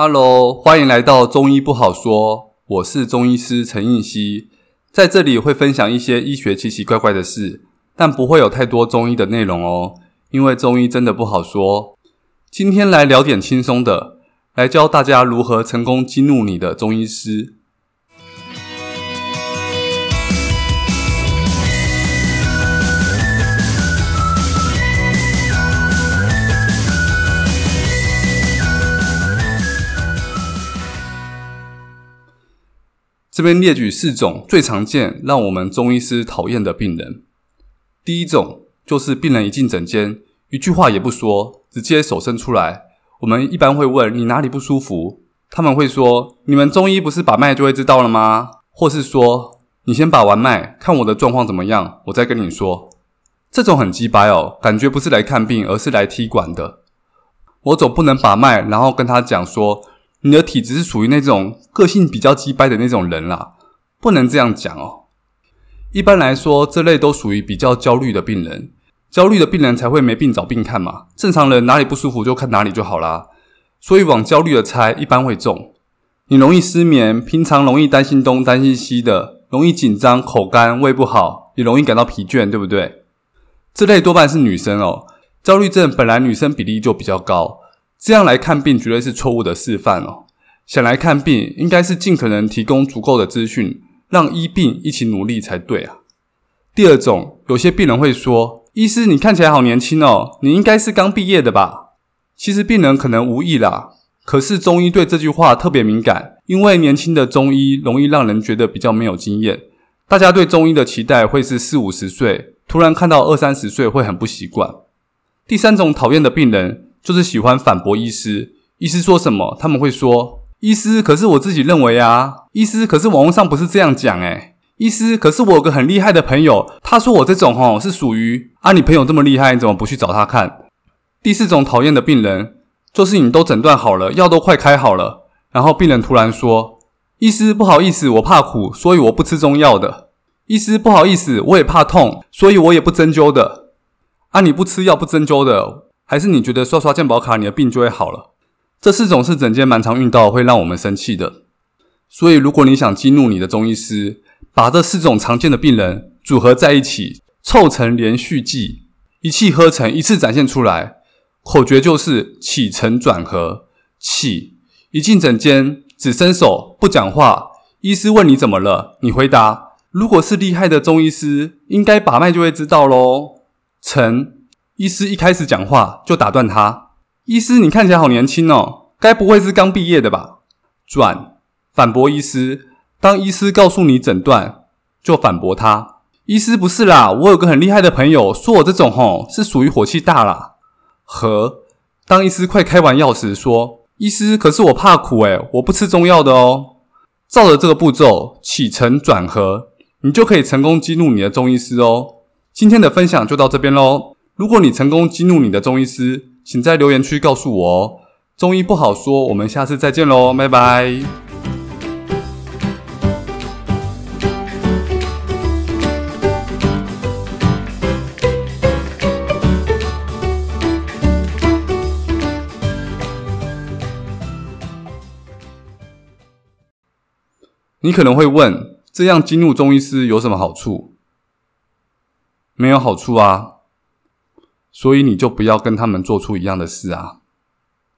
Hello，歡迎來到中醫不好說。我是中醫師陳應希。在這裡會分享一些醫學奇奇怪怪的事，但不會有太多中醫的內容哦，因為中醫真的不好說。今天來聊點輕鬆的，來教大家如何成功激怒你的中醫師。這邊列舉四種最常見讓我們中醫師討厭的病人。第一種就是病人一進診間，一句話也不說，直接手伸出來。我們一般會問你哪裡不舒服，他們會說：“你們中醫不是把脈就會知道了嗎？”或是說：“你先把完脈，看我的狀況怎麼樣，我再跟你說。”這種很雞掰哦，感覺不是來看病，而是來踢館的。我總不能把脈，然後跟他講說。你的體質是屬於那種個性比較雞掰的那種人啦。啊，不能這樣講哦。一般來說，這類都屬於比較焦慮的病人，焦慮的病人才會沒病找病看嘛。正常人哪裡不舒服就看哪裡就好啦。所以往焦慮的猜一般會中。你容易失眠，平常容易擔心東擔心西的，容易緊張、口乾、胃不好，也容易感到疲倦，對不對？這類多半是女生哦，焦慮症本來女生比例就比較高。這樣來看病絕對是錯誤的示範哦。想來看病，應該是盡可能提供足夠的資訊，讓醫病一起努力才對啊。第二種，有些病人會說：“醫師，你看起來好年輕哦，你應該是剛畢業的吧？”其實病人可能無意啦，可是中醫對這句話特別敏感，因為年輕的中醫容易讓人覺得比較沒有經驗。大家對中醫的期待會是四五十歲，突然看到二三十歲會很不習慣。第三種討厭的病人，就是喜歡反駁醫師，醫師說什麼他們會說，醫師，可是我自己認為啊，醫師，可是網絡上不是這樣講欸，醫師，可是我有個很厲害的朋友，他說我這種吼是屬於啊，你朋友這麼厲害，你怎麼不去找他看？第四種討厭的病人，就是你都診斷好了，藥都快開好了，然後病人突然說，醫師不好意思，我怕苦，所以我不吃中藥的。醫師不好意思，我也怕痛，所以我也不針灸的。啊，你不吃藥不針灸的。還是你覺得刷刷健保卡，你的病就會好了？這四種是診間蠻常遇到會讓我們生氣的，所以如果你想激怒你的中醫師，把這四種常見的病人組合在一起，湊成連續劇，一氣呵成一次展現出來。口訣就是起承轉合。起，一進診間只伸手不講話，醫師問你怎麼了，你回答，如果是厲害的中醫師，應該把脈就會知道嘍。承。醫師一開始講話就打斷他。醫師，你看起來好年輕哦，該不會是剛畢業的吧？轉，反駁醫師。當醫師告訴你診斷，就反駁他。醫師，不是啦，我有個很厲害的朋友，說我這種吼是屬於火氣大啦。和，當醫師快開完藥時說，醫師，可是我怕苦誒、欸、我不吃中藥的哦。照着這個步驟起承轉合，你就可以成功激怒你的中醫師哦。今天的分享就到這邊嘍。如果你成功激怒你的中醫師，請在留言區告訴我哦。中醫不好說，我們下次再見嘍，拜拜。嗯。你可能會問，這樣激怒中醫師有什麼好處？沒有好處啊。所以你就不要跟他們做出一樣的事啊。